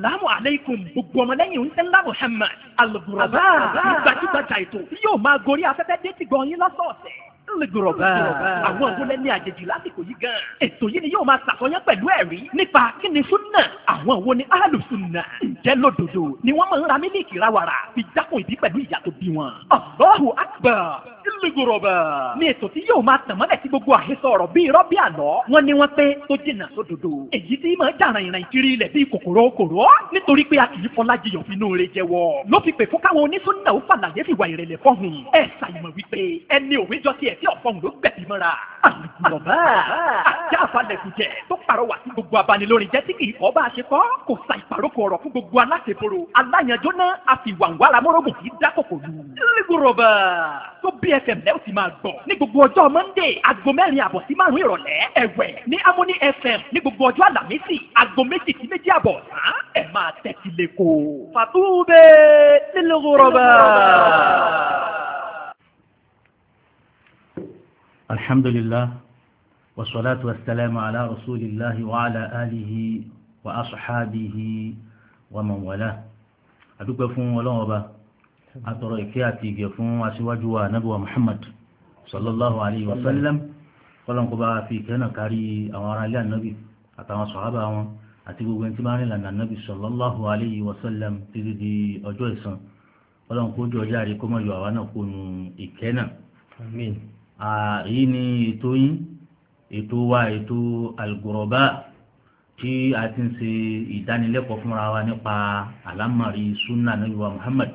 Assalamu alaikum gbogbo ọmọlẹ́yìn ńlá Muhammad alùbùrọ̀bá gbajúgbajà ètò yóò máa gorí afẹ́fẹ́ dé gan yín lọ́sọ̀ọ̀sẹ̀ lẹ́gọ̀rọ̀bá àwọn àwọlẹ̀ ní àjèjì lásìkò yìí gan. ètò yìí ni yóò máa ṣàkóyán pẹ̀lú ẹ̀rí nípa kí ni súnà àwọn wo ni alùsùnà. ǹjẹ́ lódodo ni wọ́n máa ń ra mílíkì ra fi jákun ìdí pẹ̀lú ìyà bí wọn. Allahu Akbar lìgòròbà. ní ètò tí yóò máa tàn mọ́lẹ̀ sí gbogbo àhesọ ọ̀rọ̀ bíi irọ́ bíi àlọ́ wọ́n ní wọ́n pé tó jìnnà sódodo. èyí tí máa dàrán ìrìn kiri ilẹ̀ bíi kòkòrò kòrò nítorí pé a kì í fọlájiyàn fínú rẹ jẹ́wọ́. ló fi pè fún káwọn onísúnnà ó fàlàyé fìwà ìrẹ̀lẹ̀ fọ́hùn. ẹ ṣàyẹ̀mọ̀ wípé ẹni òwe jọ tiẹ̀ tí ọ̀fọ̀hùn ló gbẹ̀bí mọ́ra. àlùbọ̀bá àti àfàlẹ̀kùjẹ tó pàrọwà sí gbogbo abanilórin jẹ́ tí kì í kọ́ bá fm lẹ́wọ̀n ti máa gbọ́ ní gbogbo ọjọ́ monday aago mẹ́rin àbọ̀ sí márùn-ún ìrọ̀lẹ́ ẹ̀wẹ̀ ní amúní fm ní gbogbo ọjọ́ àlàmísì aago méjì sí méjì àbọ̀ ọ̀sán ẹ̀ máa tẹ́tí leko. fàtúbẹ̀ nílùú rọ̀bà. alhamdulillah wasalaatu wasalaamu ala Rasulillah wa ala alihi wa ashabihi wa man wala adúpẹ́ fún ọlọ́run ọba atọrọ ìfẹ́ àti ìgẹ̀ fún aṣíwájú wa anábíwa muhammad sallallahu alayhi wa sallam kọ́lọ́nkọ́ bá fi ìkẹ́ náà kárí àwọn ará ilé ànábì àtàwọn sọ̀hábà wọn àti gbogbo ẹni tí bá rìn lànà ànábì sallallahu alayhi wa sallam títí di ọjọ́ ìsan kọ́lọ́nkọ́ ojú ọjà rí kọ́mọ yọ àwa náà kó nu ìkẹ́ náà. èyí ni ètò yín ètò wa ètò al tí a ti ń ṣe ìdánilẹ́kọ̀ọ́ fúnra wa nípa àlámọ̀rí sunna nabi muhammad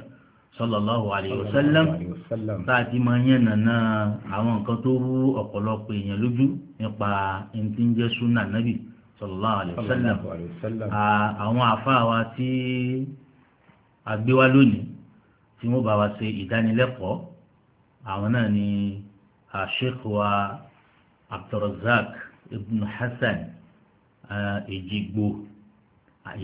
sallallahu alayhi wa sallam tá a ti máa yẹn nàna àwọn nǹkan tó rú ọ̀pọ̀lọpọ̀ èèyàn lójú nípa ẹni tí ń jẹ́ súnà nábì sallallahu alayhi wa sallam àwọn àfáà wa tí a gbé wá lónìí tí wọ́n bá wa ṣe ìdánilẹ́kọ̀ọ́ àwọn náà ni sheikh wa ibn hasan Èjìgbò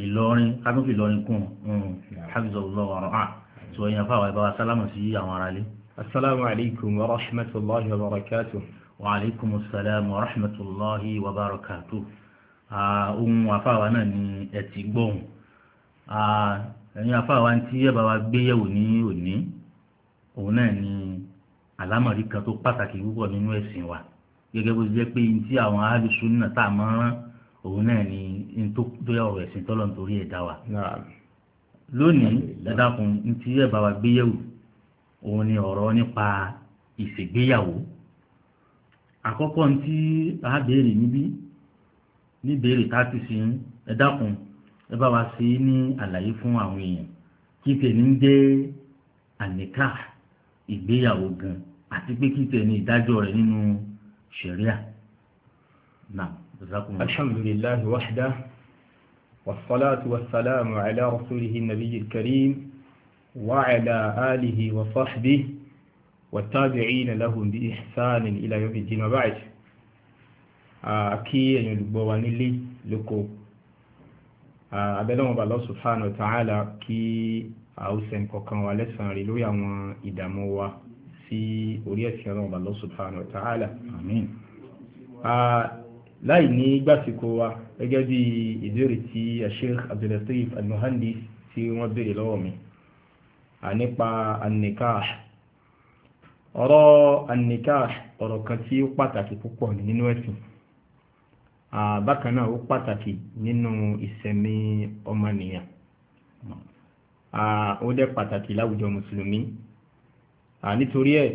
Ìlọrin kábíyèsí Ìlọrin kún un hafizallahu wa ra'ah sọ èèyàn fáwọn ẹ̀bá wa sálámù sí àwọn ará ilé. asalaamu alaykum wa rahmatulahi wa barakatu. wa alaykum salaam wa rahmatulahi wa barakatu. ohun afáwa náà ni ẹ ti ẹ̀yin afáwa tí ẹ bá wa gbéyẹ̀wò ní òní òun náà ni àlámọ̀rí kan tó pàtàkì púpọ̀ nínú ẹ̀sìn wa gẹ́gẹ́ bó ti jẹ́ pé ntí àwọn alùsùn náà tá a máa òun náà ni tó yà ọ̀rọ̀ ẹ̀sìn tọ́lọ́ nítorí ẹ̀dá wa lónìí dáadákun ntí ẹ bá wa gbéyẹ̀wò òun ni ọ̀rọ̀ nípa ìṣègbéyàwó àkọ́kọ́ ntí a béèrè níbí ní béèrè tá a ti sìn ẹ dákun ẹ bá wa ṣe é ní àlàyé fún àwọn èèyàn kí tèmi ń dé àníkà ìgbéyàwó gan àti pé kí tèmi ìdájọ́ rẹ̀ nínú ṣẹ̀ríà náà. alhamdulilayi wahda. والصلاة والسلام على رسوله النبي الكريم وعلى آله وصحبه والتابعين لهم بإحسان إلى يوم الدين وبعد أكي أن يلبوان لي لكو abẹ́lẹ́wọ̀n bá Allah subhanahu wa ta'ala kí àwùsẹ̀n kọ̀ọ̀kan wa lẹ́sàn rí lórí àwọn ìdààmú wa sí orí ẹ̀sìn ọlọ́wọ̀n bá Allah subhanahu wa ta'ala. Àmín láì ní gbàsíkò wa gẹ́gẹ́ bí ìbéèrè tí sheikh abdulatif almuhandis tí wọ́n béèrè lọ́wọ́ mi nípa annikah ọ̀rọ̀ annikah ọ̀rọ̀ kan tí ó pàtàkì púpọ̀ nínú ẹ̀sìn bákan náà ó pàtàkì nínú ìsẹ̀mí ọmọnìyàn ó dẹ́ pàtàkì láwùjọ mùsùlùmí nítorí ẹ̀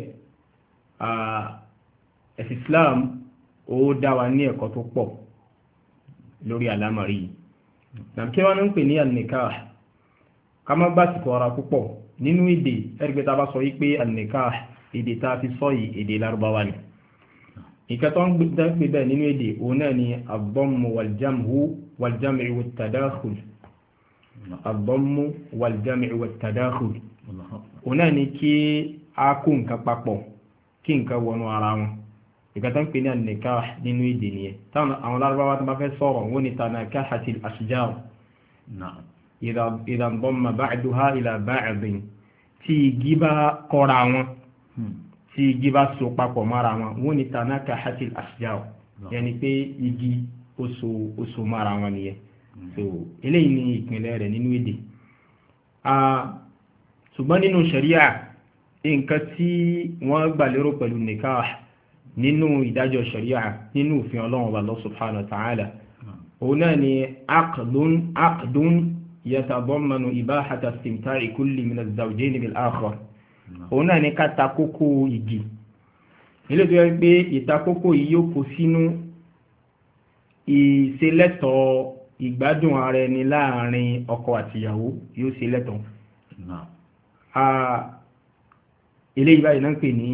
ẹ̀sìn islam ó dá wa ní ẹ̀kọ́ tó pọ̀ lórí àlámọ̀rí yìí nàbíkẹ́ wa ní ń pè ní àníkáà ká má gbàsìkò ara púpọ̀ nínú èdè ẹ̀rígbẹ́ tá a bá sọ yí pé àníkáà èdè tá a fi sọ yìí èdè lárúbáwá ni ìkẹ́ ń gbé bẹ́ẹ̀ nínú èdè òun náà ni àbọ̀mù wàljámù wàljámù ìwò tàdáhùn àbọ̀mù wàljámù ìwò tàdáhùn òun náà ni kí a kó nǹkan papọ̀ kí nǹkan wọnú ara wọn ìgbàtà ń pè ní ànìká nínú èdè nìyẹn táwọn àwọn lárúbáwá tó bá fẹ́ sọ̀rọ̀ wọ́n ní tànàká àti àṣìjáwò ìdàbọ̀mà báàdùhá ìlà báàdùn tí igi bá kọ́ra wọn hmm. tí igi bá so papọ̀ mára wọn wọ́n ní tànàká àti àṣìjáwò yẹni pé igi ó so mára wọn nìyẹn hmm. so eléyìí ni ìpínlẹ̀ rẹ̀ nínú èdè ṣùgbọ́n nínú ṣẹ̀ríà nǹkan tí wọ́n gbà lérò pẹ̀lú nìkáà nínú ìdájọ́ sharia nínú òfin ọlọ́run ọba Allah subhanahu wa ta'ala òun náà ni aqdun aqdun yatadammanu ibahata istimta'i kulli min az-zawjayni bil akhar òun náà ni ká ta kókó igi nílé tó yẹ pé ìtakókó yìí yóò kó sínú ìselẹ́tọ̀ ìgbádùn ara ẹni láàrin ọkọ àtìyàwó yóò ṣe ah, eléyìí báyìí náà ń pè ní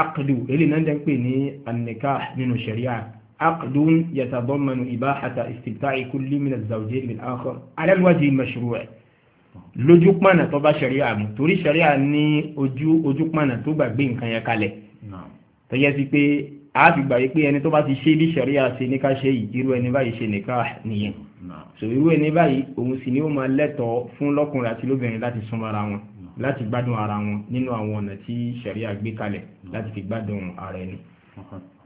aqdu eléyìí náà ń dẹ́ ń pè ní an-nikah nínú sharia aqdu yatadammanu ibahata istibta'i kulli min az-zawjayn bil akhar ala al-wajhi al-mashru' lójú pọ̀nà tó bá ṣẹ̀ríà mú torí ṣẹ̀ríà ní ojú ojú pọ̀nà tó gbà gbé nǹkan yẹn kalẹ̀ tó yẹ sí pé a fi gbà yí pé ẹni tó bá ti ṣe bí ṣẹ̀ríà ṣe ní ká ṣe yìí irú ẹni báyìí ṣe nìkan nìyẹn so irú ẹni báyìí òun sì ni ó máa lẹ́tọ̀ọ́ fún lọ́kùnrin àti lóbìnrin láti súnmọ́ ara wọn láti gbádùn ara wọn nínú àwọn ọ̀nà tí ṣẹ̀ríà gbé kalẹ̀ láti fi gbádùn ara ẹni.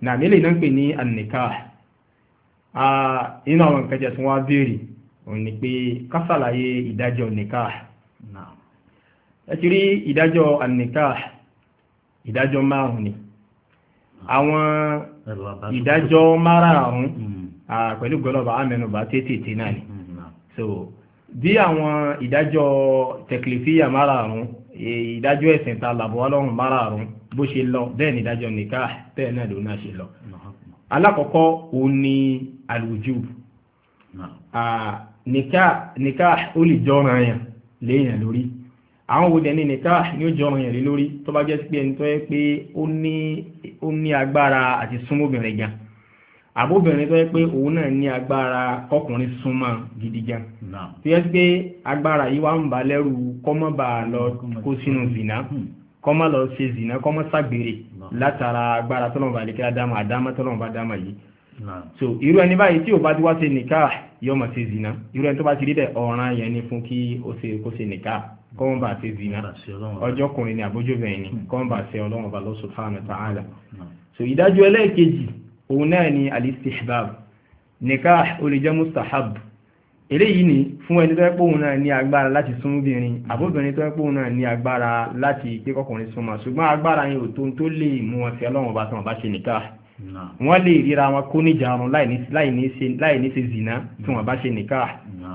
nàmí lè náà ń pè ní an-nikah inú àwọn nǹkan jẹ́ tí wọ́n á béèrè òun ni pé ká ṣàlàyé ìdájọ́ nikah ẹ ti rí ìdájọ́ an-nikah ìdájọ́ márùn-ún ni àwọn ìdájọ́ márùn-ún hmm. pẹ̀lú gọlọ́ba amẹnubà tètè náà ni hmm, hmm, so bí àwọn ìdájọ́ tẹ̀kìlìfíyà márààrún ìdájọ́ ẹ̀sìn ta làbọ̀ ọlọ́run márààrún bó ṣe lọ bẹ́ẹ̀ ni ìdájọ́ nìka bẹ́ẹ̀ náà ló náà ṣe lọ alákọ̀ọ́kọ́ ó ní àlùjù nìka ó lè jọ́ràn yàn léèyàn lórí àwọn wo dẹni nìka ni ó jọrọ yẹn lé lórí tó bá jẹ́ pé ẹni tó yẹ pé ó ní agbára àti súnmọ́bìnrin gan àbóbìnrin tó yẹ pé òun náà ní agbára ọkùnrin súnmọ́ gidi gan tó yẹ pé agbára yìí wá ń ba lẹ́rù kọ́mọ́bà lọ kó sínú zìnà hmm. kọ́mọ́ lọ ṣe zìnà kọ́mọ́ ságbèrè látara agbára tọ́lọ́mọba àlekẹ́ àdámà àdámà tọ́lọ́mọba àdámà yìí so irú ẹni báyìí tí ò bá ti wá ṣe nìka yọmọ ṣe zìnà irú ẹni tó bá ti rí bẹ́ẹ̀ ọ̀ràn yẹn ni fún kí ó ṣe kó ṣe nìka kọ́mọ́bà ṣe zìnà ọjọ́kùnrin ni àbójóbìnrin ni hmm. kọ́mọ́bà ṣe ọlọ́mọba lọ́sùn fáànù tààlà so ìdájọ́ ẹlẹ́ẹ̀kejì òun náà ni alistihbab nikah ó lè jẹ́ mustahab eléyìí ni fún ẹni tó yẹ pé òun náà ní agbára láti sún obìnrin àbóbìnrin tó yẹ pé òun náà ní agbára láti pé kọkùnrin súnmọ́ ṣùgbọ́n agbára yẹn ò tó tó lè mú wọn fi ọlọ́run ọba tí wọn bá ṣe nikah wọ́n lè ríra wọn kó níjàrún láì ní ṣe zina tí wọ́n bá ṣe nikah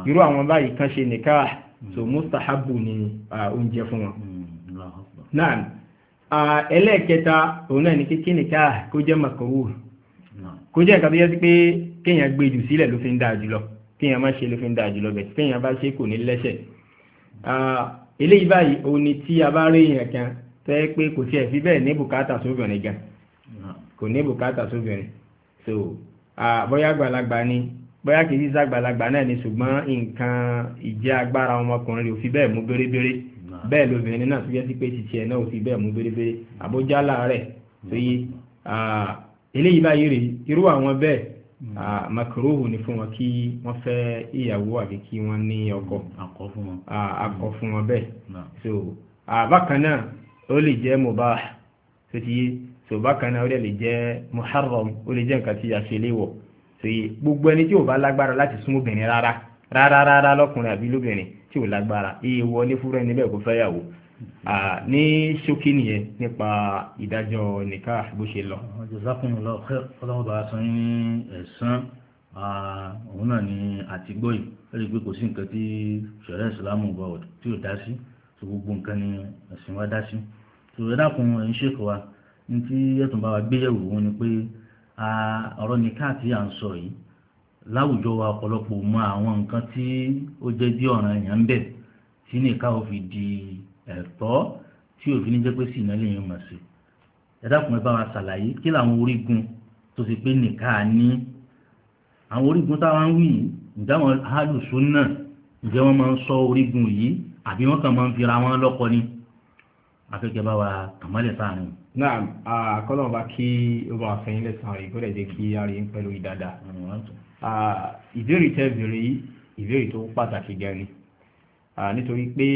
irú àwọn báyìí kan ṣe nikah mm. so mustahabu ni oúnjẹ fún wọn. Mm, náà ẹlẹ́ẹ̀kẹta òun náà ní kíkí nikah kó jẹ́ makaruh kó jẹ́ nǹkan tó yẹ sí pé kéèyàn gbé jù sílẹ̀ ló fi ń dáa jùlọ kéèyàn má ṣe ló fi ń dáa jùlọ bẹ̀ kéèyàn bá ṣe kò ní lẹ́sẹ̀ eléyìí báyìí òun ni tí a bá rí èèyàn kan tó yẹ pé kò tiẹ̀ fi bẹ́ẹ̀ ní bùkátà sóbìnrin gan kò ní bùkátà sóbìnrin so bóyá àgbàlagbà ni bóyá kì í sí àgbàlagbà náà ni ṣùgbọ́n nǹkan ìjẹ́ agbára ọmọkùnrin ò fi bẹ́ẹ̀ mú bérebére bẹ́ẹ̀ lóbìnrin náà tó yẹ sí pé titi ẹ̀ náà ò fi bẹ́ẹ̀ eléyìí báyìí rèé irú àwọn bẹ́ẹ̀ hmm. makarohu ni fún wọn kí wọ́n fẹ́ ìyàwó àbí kí wọ́n ní ọkọ hmm, akọ fún wọn bẹ́ẹ̀ hmm. so bákan náà ó lè jẹ́ mubah tó ti yé so bákan náà ó lè jẹ́ muharram ó lè jẹ́ nǹkan tí a ṣe léwọ̀ so gbogbo ẹni tí ò bá lágbára láti súnmọ́ obìnrin rárá rárá rárá lọ́kùnrin àbí lóbìnrin tí ò lágbára iye wọlé fúnra ẹni bẹ́ẹ̀ kó fẹ́ yàwó ní ṣókí nìyẹn nípa ìdájọ́ nìka bó ṣe lọ. jazakumullahu khair ọlọ́wọ́ bá a ní ẹ̀sán òun náà ni àtìgbọ́ yìí lórí pé kò sí nǹkan tí ṣẹ̀rẹ́ ìsìlámù bá ọ̀ tí ò dá sí tó gbogbo nǹkan ni ẹ̀sìn wa dá sí tó ẹ dákun ẹ̀yin ṣèkọ wa ní tí ẹ̀tùn bá wa gbéyẹ̀wò òun ni pé ọ̀rọ̀ nìka àti à ń sọ yìí láwùjọ wa ọ̀pọ̀lọpọ̀ mọ àwọn nǹkan tí ó jẹ́ bí ọ̀ràn èèyàn ń bẹ tí nìka ò fi di ẹ̀tọ́ tí òfin ní jẹ́ pé sì náà lèèyàn mọ̀ sí ẹ dákun ẹ bá wa ṣàlàyé kí làwọn orígun tó ti pé nìka ní àwọn orígun táwọn wí ǹjẹ́ àwọn alùsùn náà ǹjẹ́ wọ́n máa ń sọ orígun yìí àbí wọ́n kàn máa ń fira wọn lọ́kọ ni afẹ́kẹ́ bá wa kàmálẹ̀ sáàrin. náà àkọlọ́ bá kí ó bá fẹ́yìn lẹ́sàn-án rẹ̀ gbọ́dọ̀ jẹ́ kí a rí ń pẹ̀lú ìdada. ìbéèrè tẹ́ bèrè ìbéèrè tó pàtàkì gan ni nítorí pé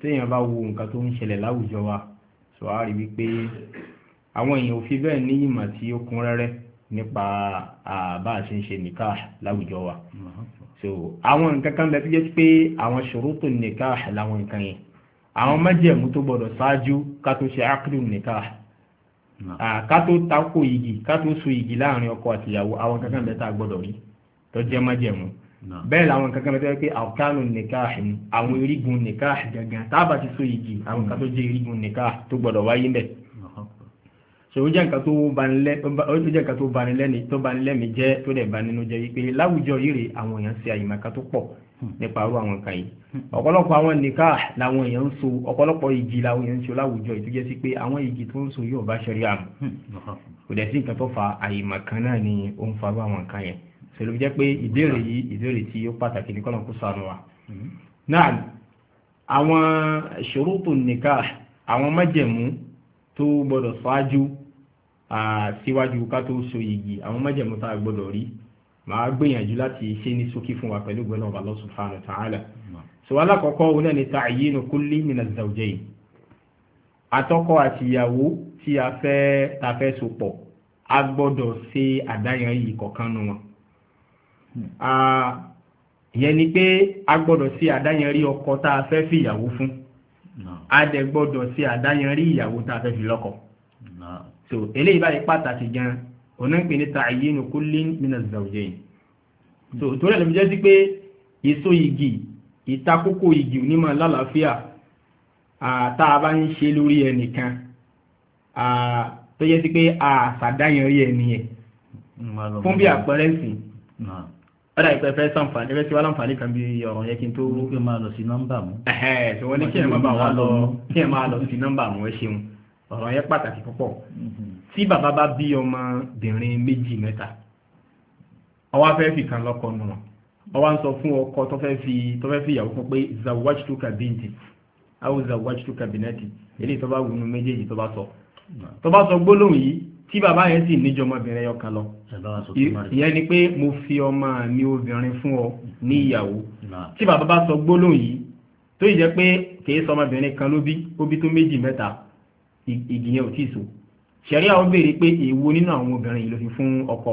téèyàn bá wo nǹkan tó ń ṣẹlẹ̀ láwùjọ wa sọ á rí wípé àwọn èèyàn ò fi bẹ́ẹ̀ ní ìmọ̀ tí ó kún rẹ́rẹ́ nípa àbá àṣẹ ń ṣe nìka láwùjọ wa so àwọn nǹkan kan bẹ́ẹ̀ tó jẹ́ pé àwọn ṣòrótò nìka làwọn nǹkan yẹn àwọn májẹ̀mú tó gbọdọ̀ ṣáájú ká tó ṣe ákìlù nìka ká tó tako igi ká tó so igi láàrin ọkọ àtìyàwó àwọn nǹkan kan bẹ́ẹ̀ tá a gbọdọ̀ rí tó jẹ́ májẹ̀mú bẹ́ẹ̀ làwọn kankan mẹ́tẹ́ pé àwòkánù nìkáàhì ni àwọn erigun nìkáàhì gangan tábà ti so igi àwọn kan tó jẹ́ erigun nìkáàhì tó gbọ́dọ̀ wáyé ń so ó jẹ́ nǹkan tó banilẹ́mi jẹ́ tó dẹ̀ banínú jẹ́ wípé láwùjọ yìí rè àwọn èèyàn ṣe àyìnmọ̀ká tó pọ̀ hmm. nípa irú àwọn nǹkan yìí hmm. ọ̀pọ̀lọpọ̀ àwọn nìka làwọn èèyàn ń so ọ̀pọ̀lọpọ̀ igi làwọn èèyàn ń so láwùjọ yìí tó jẹ́ sí hmm. fa àyìnmọ̀kan náà ni ó ń tẹ̀lé jẹ́ pé ìbéèrè yìí ìbéèrè tí ó pàtàkì ní kọ́lọ̀ kó sànù wa. náà àwọn ṣòrótò nikah àwọn májẹ̀mú tó gbọ́dọ̀ ṣáájú síwájú ká tó so yìgì àwọn májẹ̀mú tá a gbọ́dọ̀ rí màá gbìyànjú láti ṣe ní ṣókí fún wa pẹ̀lú gbọ́dọ̀ Allah subhanahu wa ta'ala. sọ alákọ̀ọ́kọ́ òun náà ni ta'yinu kulli min az-zawjayn àti ìyàwó tí a fẹ́ ta fẹ́ so pọ̀ a gbọ́dọ̀ ṣe àdáyàn yìí kọ̀ọ̀kan wọn ìyẹn ni pé a gbọ́dọ̀ sí àdáyẹnrí ọkọ tá a fẹ́ fi ìyàwó fún a dẹ̀ gbọ́dọ̀ sí àdáyẹnrí ìyàwó tá a fẹ́ fi lọ́kọ so eléyìí báyìí pàtàkì gan onípe ní ta'yinu kullin min az-zawjayn so hmm. torí ẹ̀lẹ́mi jẹ́ sí pé èso igi ìtakókò igi onímọ̀ lálàáfíà tá a bá ń ṣe lórí ẹnìkan tó jẹ́ sí pé àṣàdáyẹnrí ẹni yẹn fún bí àpẹẹrẹ sí ọ̀dà ìpẹ́ fẹ́ sànfàní ẹgbẹ́ tí wọ́n láǹfààní kan bí ọ̀rọ̀ yẹ kí n tó. wọ́n kí n máa lọ sí nọ́mbà mú. ẹ̀hẹ́ tí wọ́n ní kí n máa bá wa lọ kí n máa lọ sí nọ́mbà mú ẹ ṣeun ọ̀rọ̀ yẹn pàtàkì púpọ̀. Mm-hmm. tí bàbá bá bí ọmọbìnrin méjì mẹ́ta ọwọ́ afẹ́ fi kan lọ́kọ nù wọn ọwọ́ à ń sọ fún ọkọ tó fẹ́ fi tó fẹ́ fi ìyàwó fún pé zawajtuka binti aw zawajtuka binati èyí tó bá wù ú méjèèjì tó bá sọ tó bá sọ gbólóhùn yìí tí bàbá yẹn sì níjọ ọmọbìnrin ẹyọ kan lọ ìyẹn ni pé mo fi ọmọ mi obìnrin fún ọ ní hmm. ìyàwó tí bàbá bá sọ gbólóhùn yìí tó yìí jẹ́ pé kìí sọ ọmọbìnrin kan ló bí ó bí tó méjì mẹ́ta ìgbìyàn ò tí so ṣẹ̀ríà ó béèrè pé èwo nínú àwọn obìnrin yìí ló fi fún ọkọ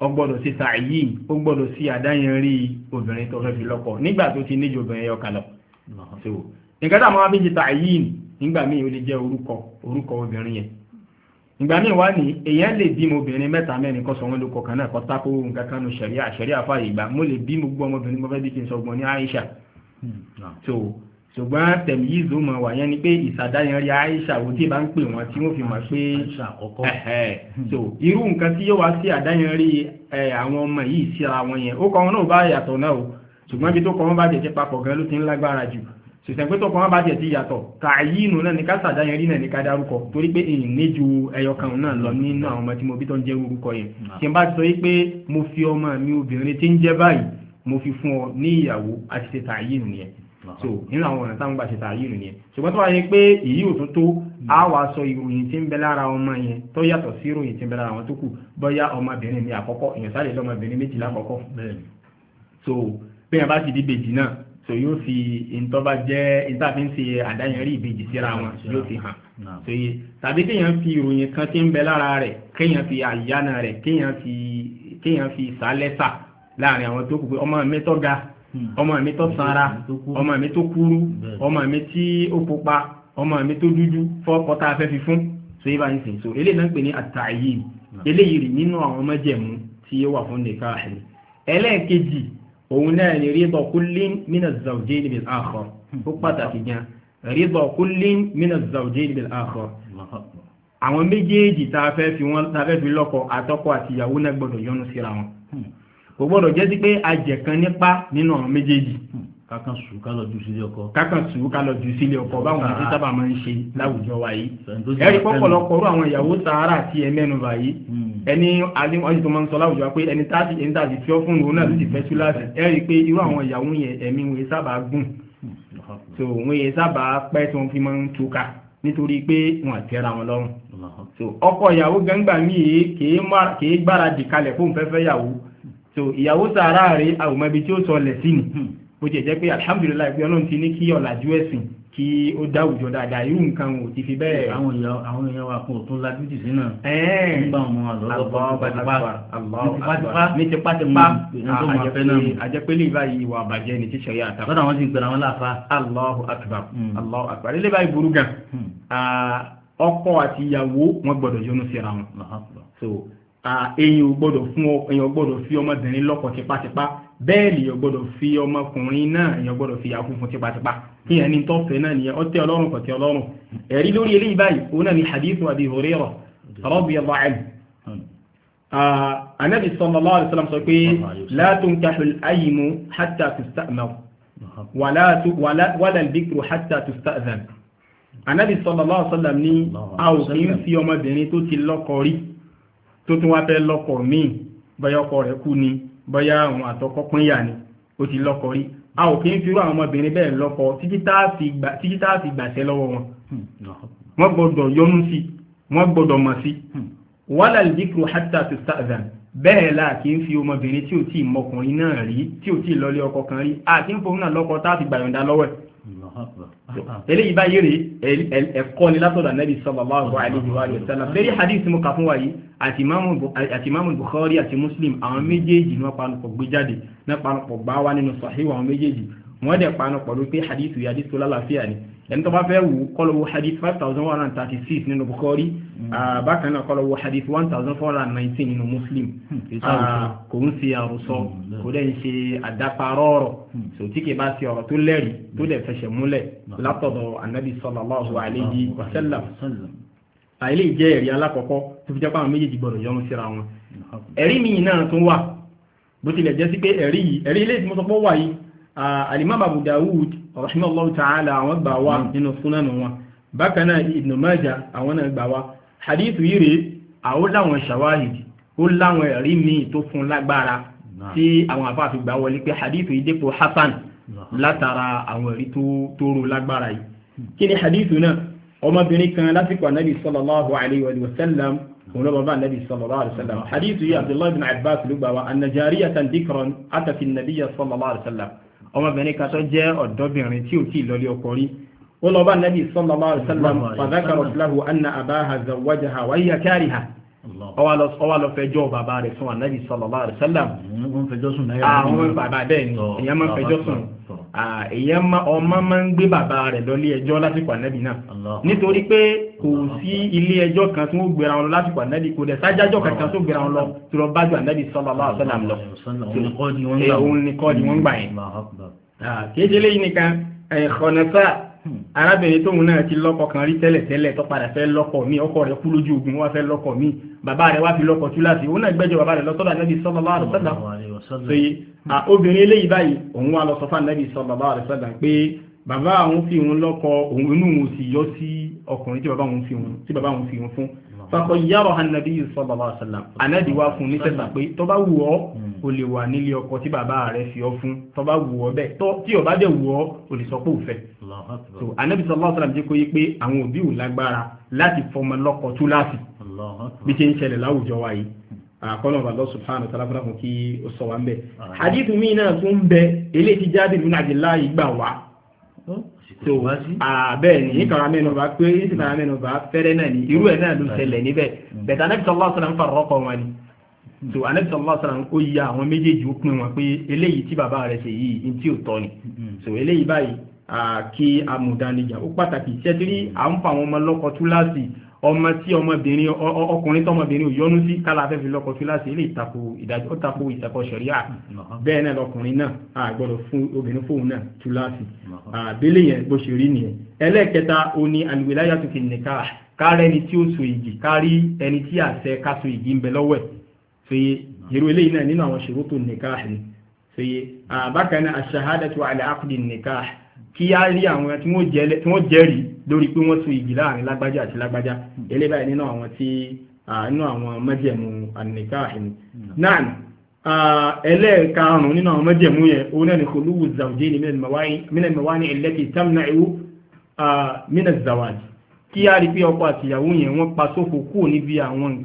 ó gbọ́dọ̀ sí sàáyí ó gbọ́dọ̀ sí àdáyẹnrí obìnrin tó fẹ́ fi lọ́kọ nígbà tó ti níjọ obìnrin ẹyọ lọ nǹkan táwọn abéjì sàáyí nígbà míì ó lè jẹ́ orúkọ orúkọ obìnrin yẹn ìgbà míì wá ní èèyàn lè bímọ obìnrin mẹ́ta mẹ́rin kan sọ wọn ló kọ̀ọ̀kan náà kọ́ tako nǹkan kan nu ṣẹ̀ríà ṣẹ̀ríà fà ìgbà mo lè bí mo gbọ́ ọmọbìnrin mo fẹ́ bí kí n sọgbọ́n ní Aisha so ṣùgbọ́n tẹ̀mí yìí zó mọ̀ wà ni pé ìsàdáyẹnrí Aisha wo tí bá ń pè wọ́n tí wọ́n fi mọ̀ pé so irú nǹkan tí yóò wá sí àdáyẹnrí àwọn ọmọ yìí síra wọn yẹn ó kọ́ wọn náà bá yàtọ̀ náà o ṣùgbọ́n ibi tó kọ́ wọn bá jẹ̀jẹ̀ papọ̀ gan ló ti ń lágbára jù sìsẹ̀pẹ́ tọ́kọ̀ wọn bá jẹ̀ sí yàtọ̀ tààyínú náà ní ká sàdáyẹn rí náà ní ká dárúkọ torí pé èyí ní ju ẹyọ kan náà lọ nínú àwọn ọmọ tí mo bí tó ń jẹ́ orúkọ yẹn ah. tí n bá sọ pé mo fi ọmọ mi obìnrin tí ń jẹ́ báyìí mo fi fún ọ ní ìyàwó àti ṣe tààyínú yẹn ah. so nínú àwọn ọ̀nà táwọn gbà ṣe tààyínú yẹn ṣùgbọ́n tó wá yẹ pé èyí ò tún tó a wá sọ ìròyìn tí ń bẹ lára ọmọ yẹn tó yàtọ̀ sí ìròyìn tí ń bẹ lára wọn tó kù bóyá ọmọbìnrin mi àkọ́kọ́ èèyàn sáré lọ́mọbìnrin méjìlá àkọ́kọ́ so bẹ́ẹ̀ bá ti di bèjì náà so yóò fi ntọ́ba jẹ́ ìtàfíǹsì àdáyẹnrí ìbejì síra wọn yóò fi hàn so yé tàbí kéèyàn fi ìròyìn kan tí ń bẹ lára rẹ̀ kéèyàn fi àyànà rẹ̀ kéèyàn fi kéèyàn fi sàálẹ́sà láàrin àwọn tó kù pé ọmọ mi tó ga hmm. ọmọ mi tó sanra ọmọ mi tó kúrú ọmọ mi tí ó pupa ọmọ mi tó dúdú fọ́kọ́ tá a fẹ́ fi fún so yé bá ń sìn so eléyìí náà ń pè ní àtàyè eléyìí rí nínú àwọn májẹ̀mú tí ó wà fún nìkan ẹlẹ́ẹ̀kejì òun náà ni rídọ̀ kullin mina zawjayn bil akhar ó pàtàkì gan rídọ̀ kullin mina zawjayn bil akhar àwọn méjèèjì tá a fẹ́ fi wọ́n tá a àti ìyàwó náà gbọ́dọ̀ yọ́nú síra wọn kò gbọ́dọ̀ jẹ́ sí pé ajẹ̀kan nípa nínú àwọn méjèèjì kákan sùn ká lọ ju sílé ọkọ. kákan sùn ká lọ ju sílé ọkọ báwọn ah. ẹni sábà máa ń ṣe láwùjọ wa yìí. ẹ̀rí pọ̀pọ̀lọpọ̀ rú àwọn ìyàwó sahara àti ẹ̀mẹ́nu bá yìí. Hmm. ẹni alẹ́ wọn tó máa ń sọ láwùjọ wa pé ẹni tá ẹni tá ti fẹ́ fún òun náà ló ti fẹ́ tú láti. Hmm. ẹ̀rí pé irú àwọn ìyàwó yẹn ẹ̀mí wọn sábà gùn. Hmm. so wọn yẹn sábà pẹ́ tí wọ́n fi máa ń túká nítorí pé wọn àtẹ́ra wọn lọ́rùn. so ọkọ ìyàwó gangba míì kì í gbáradì kalẹ̀ fóun fẹ́fẹ́ yàwó. ìyàwó sahara rẹ̀ àwòmọ́bi tí ó sọ lẹ̀ sí ni bó jẹ́ jẹ́ pé alhamdulillah pé ọlọ́run ti ní kí ọ̀làjú ẹ̀sìn kí ó dáwùjọ dáadáa irú nǹkan ò ti fi bẹ́ẹ̀. àwọn èèyàn wa kan ò tún lajú jù sínú. nígbà wọn lọ́dọ̀ pátípá ní tipátipá àjẹpẹ́lẹ́ ìbáyìí ìwà àbàjẹ́ ni tíṣẹ́ yà àtàkùn. lọ́dọ̀ àwọn sì ń pẹ̀lú àwọn láfa. Allahu akbar mm. Allahu akbar ilé báyìí burú gan mm. ọkọ àti ìyàwó wọn gbọ́dọ̀ yọnu síra wọn. èèyàn gbọ́dọ̀ fún ọ èèyàn gbọ́dọ̀ fi ọmọbìnrin lọ́kọ bẹ́ẹ̀ lè yọ gbọ́dọ̀ fi ọmọkùnrin náà èèyàn gbọ́dọ̀ fi yàkú fún tipatipa kí ẹni tó fẹ́ náà nìyẹn ọtẹ ọlọ́run kọ̀tẹ ọlọ́run ẹ̀rí lórí eléyìí báyìí òun náà ni hadithu abi hurairah radiyallahu anhu anabi bọ́yá àwọn àtọ́kọ́ pín yà ni ó ti lọ́kọ rí a ò kí ń firú àwọn ọmọbìnrin bẹ́ẹ̀ lọ́kọ títí tá a fi gbàṣẹ lọ́wọ́ wọn wọ́n gbọ́dọ̀ yọnu sí wọ́n gbọ́dọ̀ mọ̀ sí wàhálà ìdíkù hátà tó sáàzà bẹ́ẹ̀ la kì í fi ọmọbìnrin tí ò tí ì mọkùnrin náà rí tí ò tí ì lọlé a kì í fòun náà lọ́kọ tá a Ah, ah. eléyìí báyìí rèé ẹ̀kọ́ ni látọ̀dọ̀ anabi sallallahu alayhi wa sallam lórí hadith mo kà fún wa yìí àti imaamu bukhari àti muslim àwọn méjèèjì ní wọ́n panupọ̀ gbé jáde ní wọ́n panupọ̀ gbá wa nínú sahih àwọn méjèèjì wọ́n dẹ̀ panu pẹ̀lú pé hadith yìí hadith tó lálàáfíà ni ẹni tó bá fẹ́ wù kọ́lọ́wọ́ hadith five thousand one hundred thirty six nínú Bukhari hmm. bákan náà kọ́lọ́wọ́ hadith one thousand four hundred nineteen nínú Muslim hmm, kò ń ṣe àròsọ hmm, kò dẹ̀ ń ṣe àdáparọ́ ọ̀rọ̀ sòtí kì bá ṣe ọ̀rọ̀ tó lẹ́rìí tó dẹ̀ fẹsẹ̀ múlẹ̀ látọ̀dọ̀ anabi sallallahu alayhi wa sallam àìlè jẹ́ ẹ̀rí alákọ̀ọ́kọ́ tó fi jápá àwọn méjèèjì gbọ́dọ̀ yọnu mi náà tún wà bó tilẹ̀ jẹ́ sí pé ẹ̀rí yìí ẹ̀rí ilé ìtumọ̀sọ́pọ̀ wà yìí Ah, alimam abu dawud rahimahullahu ta'ala àwọn gbà wá hmm. nínú súnánù wọn bákan náà ibn maja àwọn náà gbà wá hadith yìí rèé àwọn láwọn ṣàwáhìdì ó láwọn ẹ̀rí míì tó fún lágbára tí àwọn àfáà fi gbà wọlé pé hadith yìí dépò hasan látara àwọn ẹ̀rí tó rú lágbára yìí hmm. kí ni hadith náà ọmọbìnrin kan lásìkò anabi sallallahu alayhi wa sallam òun bàbá anabi sallallahu alayhi wa sallam hadith yìí abdullahi bin abbas ló gbà wá anna jariyatan dhikran atati nabiyya sallallahu alayhi ọmọbìnrin kan tó jẹ́ ọ̀dọ́bìnrin tí ò tí ì lọlé ọkọ rí ó lọ bá nàbì sallallahu alaihi wasallam fàdákàrọ̀ fúláhù anna abaha zawajaha wa hiya kariha ọwà lọ fẹjọ́ bàbá rẹ̀ fún ànábì sallallahu alaihi wasallam àwọn bàbá bẹ́ẹ̀ ni èèyàn máa fẹjọ́ sùn èèyàn ọmọ máa ń gbé bàbá rẹ̀ lọ́lé ẹjọ́ lásìkò ànẹ́bì náà nítorí pé kò sí ilé ẹjọ́ kan tí wọ́n gbéra wọn lọ lásìkò ànẹ́bì kò dẹ̀ sájájọ́ kankan tó gbéra wọn lọ tí lọ bájú ànẹ́bì sallallahu alaihi wasallam lọ òun nìkan ni wọ́n gbà yẹn kìí ṣe léyìn nìkan ẹ̀kọ́nẹ́fà hmm. arábìnrin tóun náà ti lọ́kọ kan rí tẹ́lẹ̀ tẹ́lẹ̀ tó padà fẹ́ lọ́kọ mi ọkọ rẹ̀ kú lójú ogun wá fẹ́ lọ́kọ mi bàbá rẹ̀ wá fi lọ́kọ túláàsì òun náà gbẹ́jọ́ bàbá rẹ̀ lọ́tọ́dọ̀ ànẹ́bì sallallahu alaihi wasallam obìnrin eléyìí báyìí òun wá lọ sọ fún ànábì sallallahu alaihi wasallam pé bàbá òun fi òun lọ́kọ òun inú òun sì yọ sí ọkùnrin tí bàbá òun fi òun tí bàbá òun fi òun fún fakọ yàrá ànábì sallallahu alaihi wasallam ànábì wá fún ní sẹ́sà pé tó bá wù ọ́ o lè wà nílé ọkọ tí bàbá rẹ̀ fi ọ́ fún tó bá wù ọ́ bẹ́ẹ̀ tó tí ó bá dẹ̀ wù ọ́ o lè sọ pé òfẹ́ so ànábì sallallahu alaihi jẹ́ kó yé pé àwọn òbí ò lágbára láti fọmọ lọ́kọ túláàsì bí ṣe ń ṣẹlẹ̀ láwùjọ wa àkọlọ́mọba Allah subhanahu wa ta'ala fúnra fún kí ó sọ wa ń bẹ̀. hadithu mi náà tún ń bẹ eléyìí ti Jabir ibn Abdillah gbà wá. Oh, so àbẹ́ ní kàrà mẹ́nu bá pé ní kàrà mẹ́nu bá fẹ́rẹ́ náà ni irú ẹ̀ náà ló ṣẹlẹ̀ níbẹ̀ mm. bẹ̀tẹ̀ Ànábì sallallahu alaihi wasallam ń fara ọkọ̀ wọn ni. Mm. so Ànábì sallallahu alaihi wasallam ó yí àwọn méjèèjì ó pin wọn pé eléyìí tí bàbá rẹ̀ ṣe yìí ní tí ò tọ́ ni. Mm-hmm. so eléyìí báyìí kí amúdánìjà ó pàtàkì ṣẹ́tírí à ń fa àwọn ọmọ lọ́kọ̀ túláàsì ọmọ tí ọmọbìnrin ọkùnrin tí ọmọbìnrin òyọnu sí kálá afẹ́fẹ́ lọ́kọ sí láti ilé ìtako ìdájọ́ ó tako ìtako ṣẹ̀ríà bẹ́ẹ̀ náà lọkùnrin náà a gbọ́dọ̀ fún obìnrin fóun náà tú láti àbẹ́lẹ̀ yẹn bó ṣe rí nìyẹn ẹlẹ́ẹ̀kẹta ó ní alùwẹ̀láyà tó fi nìka kárẹ́ ẹni tí ó so ìgì kárí ẹni tí àṣẹ ká so ìgì ń bẹ lọ́wọ́ ẹ̀ ṣe kí á rí àwọn tí wọ́n jẹ́rìí lórí pé wọ́n so igi láàrin lágbájá àti lágbájá hmm. eléyìí báyìí nínú àwọn tí nínú àwọn mẹ́jẹ̀mú àníkáàhìn hmm. náà ẹlẹ́ẹ̀karùn-ún nínú àwọn mẹ́jẹ̀mú yẹn òun náà ni kò lúwù zàwùjẹ́ ní mílẹ̀ mẹ́wàá ní ẹlẹ́kì tamna ewu mílẹ̀ zàwàj kí á rí pé ọkọ àti ìyàwó yẹn wọ́n pa sófo kúrò níbi àwọn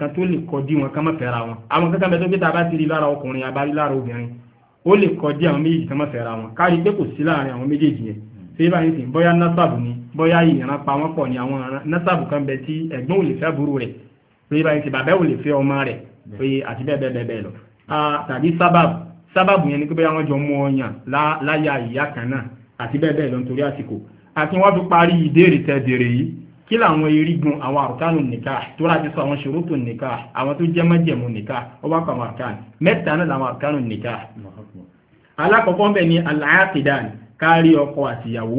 ó lè kọjá àwọn méjèèjì tán máa fẹ́ra wọn kárí pé kò sí láàrin àwọn méjèèjì yẹn ṣé bá yín sìn bóyá násàbù ni bóyá ìran pa wọ́n pọ̀ ni àwọn násàbù kan bẹ tí ẹ̀gbọ́n ò lè fẹ́ burú rẹ̀ ṣé bá yín sìn bàbá ò lè fẹ́ ọmọ rẹ̀ pé àti bẹ́ẹ̀ bẹ́ẹ̀ bẹ́ẹ̀ lọ. tàbí sábàbù sábàbù yẹn ni pé bóyá wọ́n jọ mú ọyàn láyà ìyá kan náà àti bẹ́ẹ̀ bẹ́ẹ̀ lọ nítorí àsìkò àti wọ́n fi parí ìbéèrè tẹ́ béèrè yìí kí làwọn erigun àwọn àrùkánù nìka tó láti sọ àwọn ṣòrótò nìka àwọn tó jẹ́ májẹ̀mú nìka ó bá pa àwọn àrùkánù mẹ́ta náà làwọn àrùkánù nìka. alákọ̀ọ́kọ́ ń bẹ̀ ni aláàtìdán kárí ọkọ àtìyàwó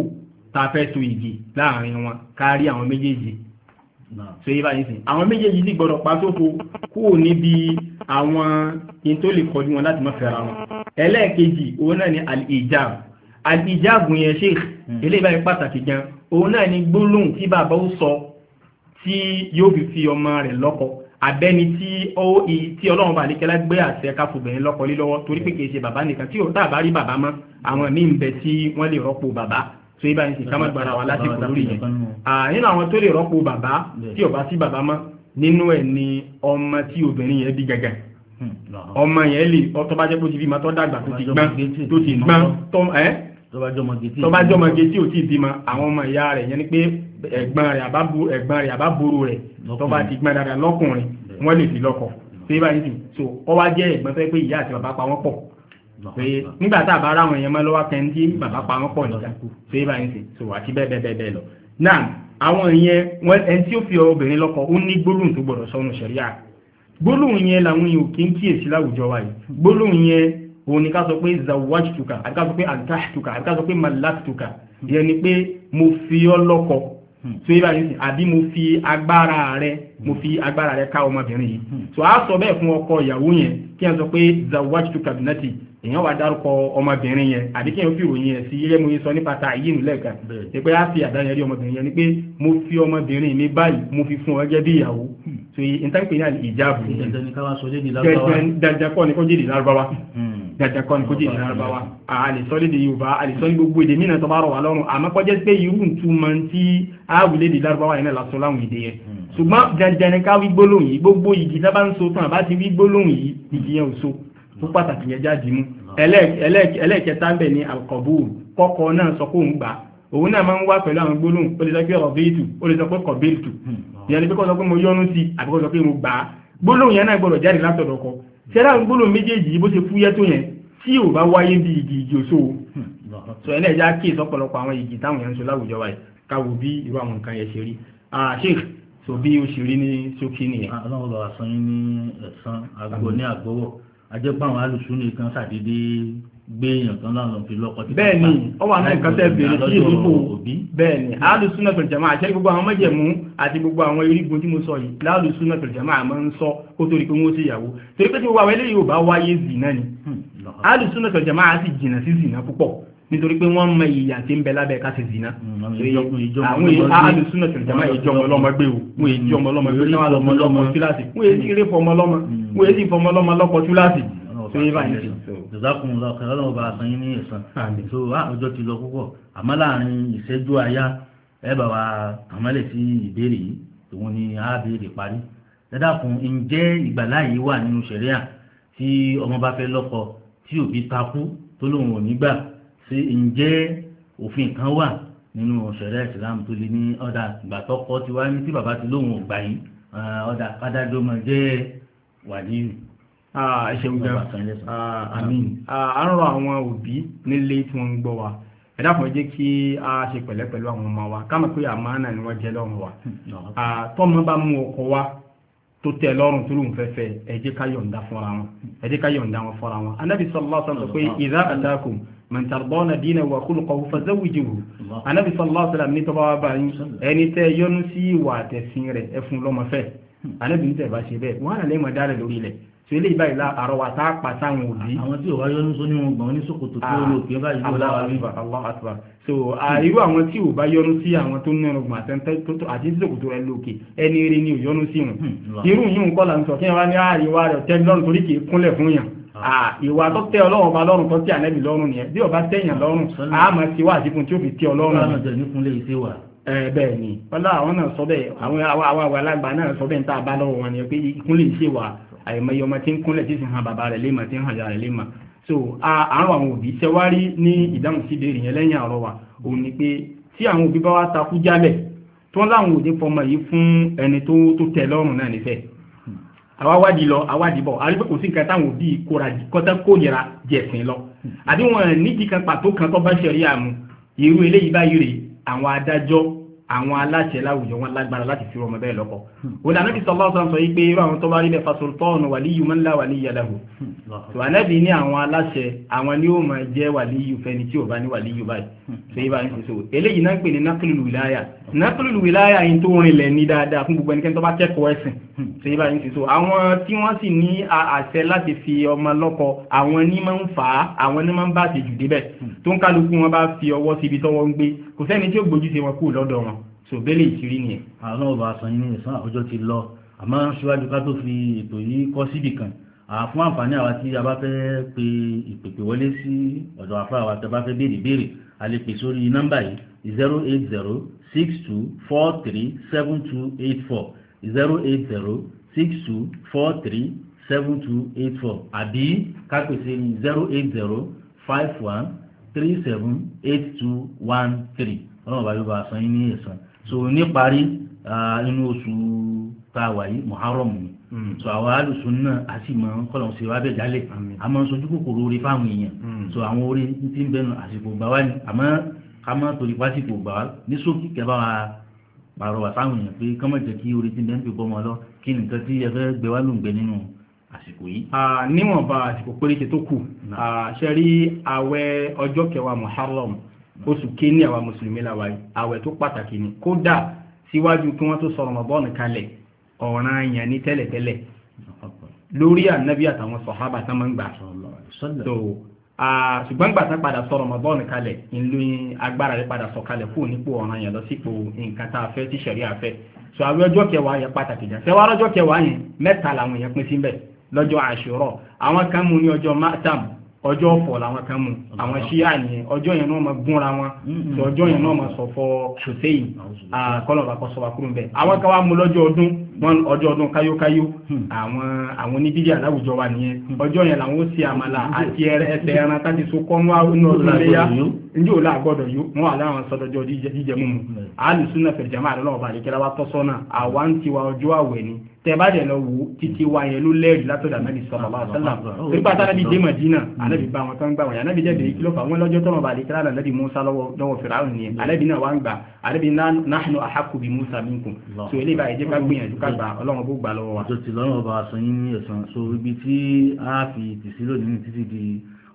tá a fẹ́ so igi láàrin wọn kárí àwọn méjèèjì. so yí báyìí sìn àwọn méjèèjì sì gbọdọ̀ pa sóko kúrò níbi àwọn kí kọjú wọn láti má fẹ́ra wọn. ẹlẹ́ẹ̀kejì òun náà ni al àti ìjágun yẹn ṣe ilé ìbáyé pàtàkì gan òun náà ni gbólóhùn tí bàbá ó sọ tí yóò fi fi ọmọ rẹ̀ lọ́kọ abẹ́ni tí ọlọ́run bá lékẹ́lá gbé àṣẹ káfùbẹ̀rin lọ́kọ lé lọ́wọ́ torí pé kìí ṣe bàbá nìkan tí ó tàbá rí bàbá mọ́ àwọn míì ń bẹ tí wọ́n lè rọ́pò bàbá tó yí báyìí ká má gbára wa lásìkò lórí yẹn nínú àwọn tó lè rọ́pò bàbá tí ò sí bàbá mọ́ nínú ẹ̀ ni ọmọ tí obìnrin yẹn bí gẹ́gẹ́ hmm. ọmọ yẹn lè ọtọ́ bá jẹ́ bó ti fi máa tọ́ dàgbà tó ti gbọ́n tó ti gbọ́n tọ́bájọ́ mọ̀gé tí ò tí ì bímọ àwọn ọmọ ìyá rẹ̀ yẹn ni pé ẹ̀gbọ́n rẹ̀ àbábòrò rẹ̀ tọ́ba ti gbọ́n dáadáa lọ́kùnrin wọ́n lè fi lọ́kọ pé báyìí sì so ọ wá jẹ́ ẹ̀gbọ́n fẹ́ pé ìyá àti bàbá pa wọ́n pọ̀ pé nígbà tá a bá ra èèyàn mọ́ lọ́wọ́ kẹ́ni tí bàbá pa wọ́n pọ̀ nìkan pé báyìí sì so àti bẹ́ẹ̀ bẹ́ẹ̀ bẹ́ẹ̀ lọ. náà àwọn ìyẹn ẹni tí ó fi obìnrin lọ́kọ ó ní gbólóhùn tó gbọ́dọ̀ sọnù ṣẹ̀ríà gbólóhùn yẹn làwọn èèyàn kì í kíyèsí òun ni ká sọ pé zawajtuka àti ká sọ pé antahtuka àti ká sọ pé malaktuka ìyẹn ni pé mo fi ọ́ lọ́kọ hmm. so yíba yìí àbí mo fi agbára rẹ mo fi agbára rẹ ká ọmọbìnrin yìí hmm. so a sọ bẹ́ẹ̀ fún ọkọ ìyàwó yẹn kí ẹ sọ pé zawajtuka binati èèyàn wà dárúkọ ọmọbìnrin yẹn àbí kí ẹ fi ìròyìn ẹ sí ilé mo sọ nípa ta yìí nù lẹ́ẹ̀kan ni pé a fi àdáyẹn rí ọmọbìnrin yẹn ni pé mo fi ọmọbìnrin mi báyìí mo fi fún ọ gẹ́gẹ́ bí ìyàwó hmm. so ìtàkùn ìyá ìjáàbù dandan kọ́ ni kó jèrè lárúbáwá dàdà kan kó jẹ́ ìlú lárúbáwá àlèsọ́ lédè yorùbá àlèsọ́ ní gbogbo èdè mìíràn tó bá rọ̀ wá lọ́rùn àmọ́ kó jẹ́ pé irú ìtumọ̀ tí àwù lédè lárúbáwá yẹn lásán láwọn èdè yẹn hmm. ṣùgbọ́n dandan ká wí gbólóhùn yìí gbogbo ìgì tá bá ń so tán àbá ti wí gbólóhùn yìí ìgì yẹn ò so tó pàtàkì yẹn jáde mú ẹlẹ́ẹ̀kẹta ń bẹ̀ ní àkọ́bù kọ́kọ́ náà sọ pé òun gbà ṣẹ́dá ń gbólò méjèèjì bó ṣe fúyẹ́ tó yẹn tí ò bá wáyé bí igi igi òṣò hmm. sọ ẹ̀lẹ́ ìjà kí ìsọ́pọ̀lọpọ̀ àwọn igi táwọn yẹn ń sọ láwùjọ wa yìí káwo bí irú àwọn nǹkan yẹn ṣe rí sheikh tó bí ó ṣe rí ní ṣókí nìyẹn. aláwọ̀ ah, bàbá san yín ní ẹ̀sán àgbo ní àgbọ̀wọ̀ ajẹ́pọ̀ àwọn alùsùn nìkan ṣàdédé gbéyàn kan náà lọ fi lọ́kọ tí bẹ́ẹ̀ ni ó wà náà nǹkan tẹ́ bèrè sí ìrúkò bẹ́ẹ̀ ni alùsùnà pẹ̀lú jama àṣẹ gbogbo àwọn mẹ́jẹ̀mú àti gbogbo àwọn irígun tí mo sọ yìí lálùsùnà pẹ̀lú jama àmọ́ ń sọ kó torí pé wọ́n ṣe ìyàwó torí pé tí gbogbo àwọn eléyìí ò bá wáyé zìnà ni alùsùnà pẹ̀lú jama àti jìnà sí zìnà púpọ̀ nítorí pé wọ́n mọ ìyà tí ń bẹ lábẹ́ ká ṣe zìnà àwọn alùsùnà pẹ̀lú jama ìjọmọ ọlọ́mọ gbé o wọ́n èyí ọmọ ọlọ́mọ gbé náà lọ́mọ lọ́mọ túláàsì wọ́n èyí sí ilé fọmọ ọlọ́mọ wọ́n èyí sí fọmọ ọlọ́mọ lọ́kọ túláàsì tó yé báyìí sí ìzákùn ọkọ̀ ọlọ́run bá san yín ní ẹ̀san tó ah, ọjọ́ ti lọ púpọ̀ àmọ́ láàrin wa àmọ́lẹ̀ sí ìbéèrè yìí òun ni a béèrè parí dáadákun ǹjẹ́ ìgbàláyé wà nínú ṣẹ̀ríà tí ọmọ bá fẹ́ lọ́kọ tí òbí takú tó lóun ò ní gbà ṣé ǹjẹ́ òfin kan wà nínú ṣẹ̀ríà ìsìlámù tó lé ní ọ̀dà ìgbà tọkọ ti wá ní tí bàbá ti lóun ò gbà yín ọ̀dà kádájọ́ máa jẹ́ wàlíyù Ah, àárọ̀ ah, ah, àwọn òbí nílé tí wọ́n ń gbọ́ wa ẹ̀dá kan jẹ́ kí a ṣe pẹ̀lẹ́ pẹ̀lú àwọn ọmọ wa ká mọ̀ pé àmánà ni wọ́n jẹ́ lọ́rùn wa tọ́mọ bá mú ọkọ wa tó tẹ́ lọ́rùn tó lóun fẹ́fẹ́ ẹ jẹ́ ká yọ̀ǹda fọ́ra wọn ẹ jẹ́ ká yọ̀ǹda wọn fọ́ra wọn anábì sallallahu alaihi wasallam pé idha atakum man tardawna dinahu wa khuluquhu fazawwijuhu wa bá yín ẹni tẹ́ yọnu sí ìwà àtẹ̀sìn rẹ̀ ẹ fún lọ́mọ fẹ́ hmm tí ilé ìbáyìí la àrọwà tá a pa sáwọn òbí. àwọn tí òwá yọ níṣó ní wọn gbọ̀n ní ṣòkòtò tí ó lò bá yọ ah, láwa rí. Allah akbar so irú àwọn tí ò bá yọnu sí àwọn tó ní ọrùn àtẹnudọ́tò àti ṣòkòtò rẹ lòkè ẹni eré ni ò yọnu sí wọn. Hmm, irú yìí ń kọ́ là ń sọ kí wọn ní àríwá rẹ tẹ́ lọ́rùn torí kì í kúnlẹ̀ fún yàn ah. ìwà tó tẹ ọlọ́run ọba lọ́rùn tó tẹ ànẹ́bì lọ́rùn nìyẹn bí ọba tẹ̀yàn ni wọ́n náà sọ bẹ́ẹ̀ àwọn àgbàlagbà náà sọ bẹ́ẹ̀ ń tà bá wọn ni pé ìkúnlẹ̀ ìṣèwà àìmọye ọmọ tí ń kúnlẹ̀ tí sì hàn bàbá rẹ̀ léèmọ̀ tí ń hàn ìyá rẹ̀ léèmọ̀ so àárọ̀ àwọn òbí ṣẹwárí ní ìdáhùn sí ìbéèrè yẹn lẹ́yìn àárọ̀ wa òun ni pé tí àwọn òbí bá wá takú jálẹ̀ tó láwọn òde fọmọ yìí fún ẹni tó tẹ́ lọ́rùn náà nífẹ̀ẹ́ àwa wádìí lọ àwádìí bọ̀ àrígbé kò sí nǹkan táwọn òbí kóra kọ́tà kórìíra jẹ̀sìn lọ àbí wọn nídìí kan pàtó kan tó bá ṣẹ̀rí àmú irú eléyìí báyìí rèé àwọn adájọ́ àwọn aláṣẹ láwùjọ wọn lágbára láti fi ọmọ bẹ́ẹ̀ lọ́kọ olànà bí sọlá ọsàn sọ yìí pé irú àwọn tó bá rí bẹ́ẹ̀ fasultọ́ọ̀nù wàlíyù máa ń lá wàlíyà lẹ́hù tó ànábì ní àwọn aláṣẹ àwọn ni ó máa jẹ́ wàlíyù fẹni tí ò bá ní wàlíyù báyìí tó hmm. yìí bá ń eléyìí náà ń pè ní nákìlùlù wìláyà nákìlùlù wìláyà yìí tó rinlẹ̀ ní dáadáa fún gbogbo ẹnikẹ́ni tó bá kẹ́kọ̀ọ́ ẹ̀sìn Hmm, ṣe bá yín ti so àwọn tí wọ́n sì ní àṣẹ láti fi ọmọ lọ́kọ àwọn ní máa ń fà á àwọn ní máa ń bá ti jù débẹ̀ hmm. tó ń kálukú wọn bá fi ọwọ́ síbi tọ́wọ́ ń gbé kò sẹ́ni tí ó gbójú ṣe wọn kú lọ́dọ̀ wọn so bẹ́lẹ̀ ìṣírí nìyẹn. àwọn ọba àṣàn yìí nìsan àwùjọ ti lọ àmọ́ síwájú ká tó fi ètò yìí kọ́ síbì kan fún àǹfààní àwa tí a bá fẹ́ pe ìpèpè wọlé sí ọ̀dọ̀ àfa àwa tí a bá fẹ́ béèrè béèrè a lè pè sórí nọ́mbà yìí zero eight zero six two four three seven two eight four zero eight zero six two four three seven two eight four àbí kápẹ́sẹ̀ ní zero eight zero five one three seven eight two one three ọlọ́run bá yóò bá san yín ní ẹ̀san so níparí inú oṣù tá wà yìí muharram ni hmm. so àwọn alùsùn náà a sì máa ń kọ́lọ̀ ṣe wábẹ̀ jálẹ̀ a máa sojú kòkòrò orí fáwọn èèyàn hmm. so àwọn orí ti ń bẹnu àsìkò gbà wá ni àmọ́ ká má torí pásìkò gbà wá ní sókí kẹ́ bá wa pàrọwà sáwọn èèyàn pé kọ́mọ̀ jẹ́ kí orí ti bẹ́ẹ̀ ń fi bọ́ ọmọ lọ kí nìkan tí ẹ fẹ́ gbé wá ló ń gbé nínú àsìkò yìí. níwọ̀nba àsìkò péréte tó kù ṣe rí àwẹ̀ ọjọ́ kẹwàá Muharram oṣù kínní àwa mùsùlùmí làwà yìí àwẹ̀ tó pàtàkì ni kódà síwájú kí wọ́n tó sọ Ramadan kalẹ̀ ọ̀ràn yẹn ní tẹ́lẹ̀tẹ́lẹ̀ lórí ànábì àtàwọn sàhábà tá ṣùgbọ́n gbàtà padà sọ Ramadan kalẹ̀ ìlú agbára rẹ̀ padà sọ kalẹ̀ fún onípò ọ̀ràn yẹn lọ sípò nǹkan tá a fẹ́ tí sẹ̀rí àfẹ́ so àwọn ọjọ́ kẹwàá yẹn pàtàkì jà sẹ́wọ́n ọjọ́ kẹwàá yẹn mẹ́ta làwọn yẹn pín síbẹ̀ lọ́jọ́ Àṣúrà àwọn kan mú ní ọjọ́ Matam ọjọ́ ọ̀fọ̀ làwọn kan mú àwọn ṣíà nìyẹn ọjọ́ yẹn náà máa gúnra wọn mm-hmm. ọjọ́ yẹn náà máa sọ fọ ṣòṣèyí kọ́lọ̀ bá kọ́ sọ wá kúrò ń bẹ̀ àwọn kan wá mú lọ́jọ́ ọdún wọn ọjọ́ ọdún káyókáyó hmm. àwọn àwọn oníbídíà láwùjọ wa nìyẹn ọjọ́ yẹn làwọn ó ṣe àmàlà àti ẹsẹ̀ ẹran táti so kọ́ ní ọdún léyà njẹ́ òun àgbọ̀dọ̀ yó wọn wà láwọn sọdọ̀jọ́ jíjẹ mímu àlùsúnà fẹ̀rẹ̀ jàmáà lọ́wọ́ bàlẹ̀ kí wọ́n tọ́ sọ́nà àwa ń tiwa ọjọ́ àwẹ̀ ni tẹ́bàdẹ̀ lọ wo títí wa yẹn ló lẹ́rìí látọ̀dọ̀ ànábì sọ̀rọ̀ bá sọ́là nípa tá ànábì dé Mádínà hmm. ànábì bá wọn tó ń gbà wọ̀nyí ànábì jẹ́ bèrè kílọ̀fà wọn lọ́jọ́ tọ́nà bàlẹ̀ kíláà ànábì Musa lọ́wọ́ Fìráùn nìyẹn hmm. ànábì náà wá ń gbà ànábì náà nahnu ahaqqu bi Musa minkum so eléyìí báyìí jẹ́ ká gbìyànjú ká gbà ọlọ́run bó gbà lọ́wọ́ wa. àjọ tí lọ́rùn ọba aṣọ yín ní ẹ̀sán so ibi tí a fi tìsí lónìí títí di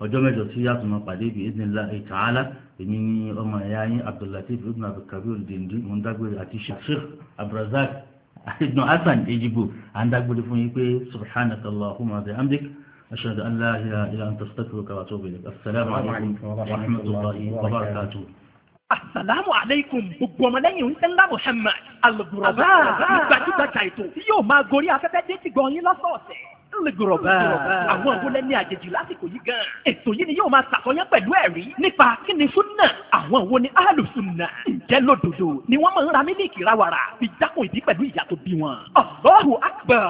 ọjọ́ mẹ́jọ tí a tún máa pàdé bí ìdínlá ìtàhálà èmi ni ọmọ ẹ̀yà yín abdullatif ibn abdulkabir dèndé mọ̀ndágbére àti sheikh abdulrazak ibn hasan ejigbo à fún yín pé subhanaka allahumma wa bihamdik ashhadu an la ilaha illa anta astaghfiruka wa atubu ilaik assalamu alaykum wa rahmatullahi wa barakatuh asalaamu aleykum gbogbo ọmọlẹ́yìn ńlá muhammad alugurọba gbajúgbajà ètò yóò máa gorí afẹ́fẹ́ dé ti gan yín lọ́sọ̀ọ̀sẹ̀ lẹ́gọ̀rọ̀bá àwọn òwúlẹ̀ ní àjèjì lásìkò yìí gan. ètò yìí ni yóò máa ṣàkóyán pẹ̀lú ẹ̀rí nípa kíni súnà àwọn òwò ni alùsùnà. ǹjẹ́ lódodo ni wọ́n máa ń ra mílíkì ráwàrà fi dákun ìdí pẹ̀lú ìyà tó bí wọn. Allahu akbar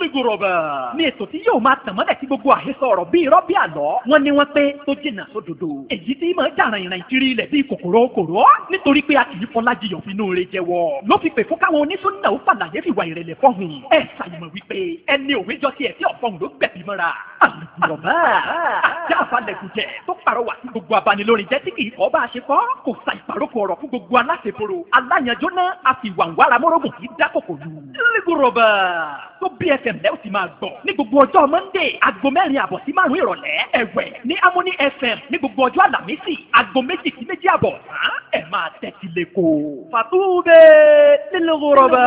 lẹ́gùrọ̀bà. ní ètò tí yóò máa tàn mọ́lẹ̀ sí gbogbo àhesọ ọ̀rọ̀ bíi irọ́ bíi àlọ́. wọ́n ní wọ́n pé tó jìnnà sódodo. èyí tí máa jàrán ìrìn kiri ilẹ̀ bíi kòkòrò kòrò. nítorí pé a kì í fọlájiyàn fínú re jẹ́wọ́. ló fi pè fún káwọn onísúnnà ó fàlàyé fìwà ìrẹ̀lẹ̀ fọ́hùn. ẹ ṣàyẹ̀mọ̀ wípé ẹni òwe jọ tiẹ̀ tí ọ̀fọ̀hùn ló gbẹ̀bí mọ́ra. àlùbọ̀bá àti àfàlẹ̀kùjẹ tó pàrọwà sí gbogbo abanilórin jẹ́ tí kì í kọ́ bá a ṣe kọ́. kò sa ìpàrókò ọ̀rọ̀ fún gbogbo aláṣeporo. aláyanjó náà a fm lẹ́wọ̀n ti máa gbọ́ ní gbogbo ọjọ́ monday aago mẹ́rin àbọ̀ sí márùn-ún ìrọ̀lẹ́ ẹ̀wẹ̀ ní amúní fm ní gbogbo ọjọ́ àlàmísì aago méjì sí méjì àbọ̀ tán máa tẹ́tí lẹ́kọ̀ọ́. fàtúbẹ̀ nílùú rọ̀bà.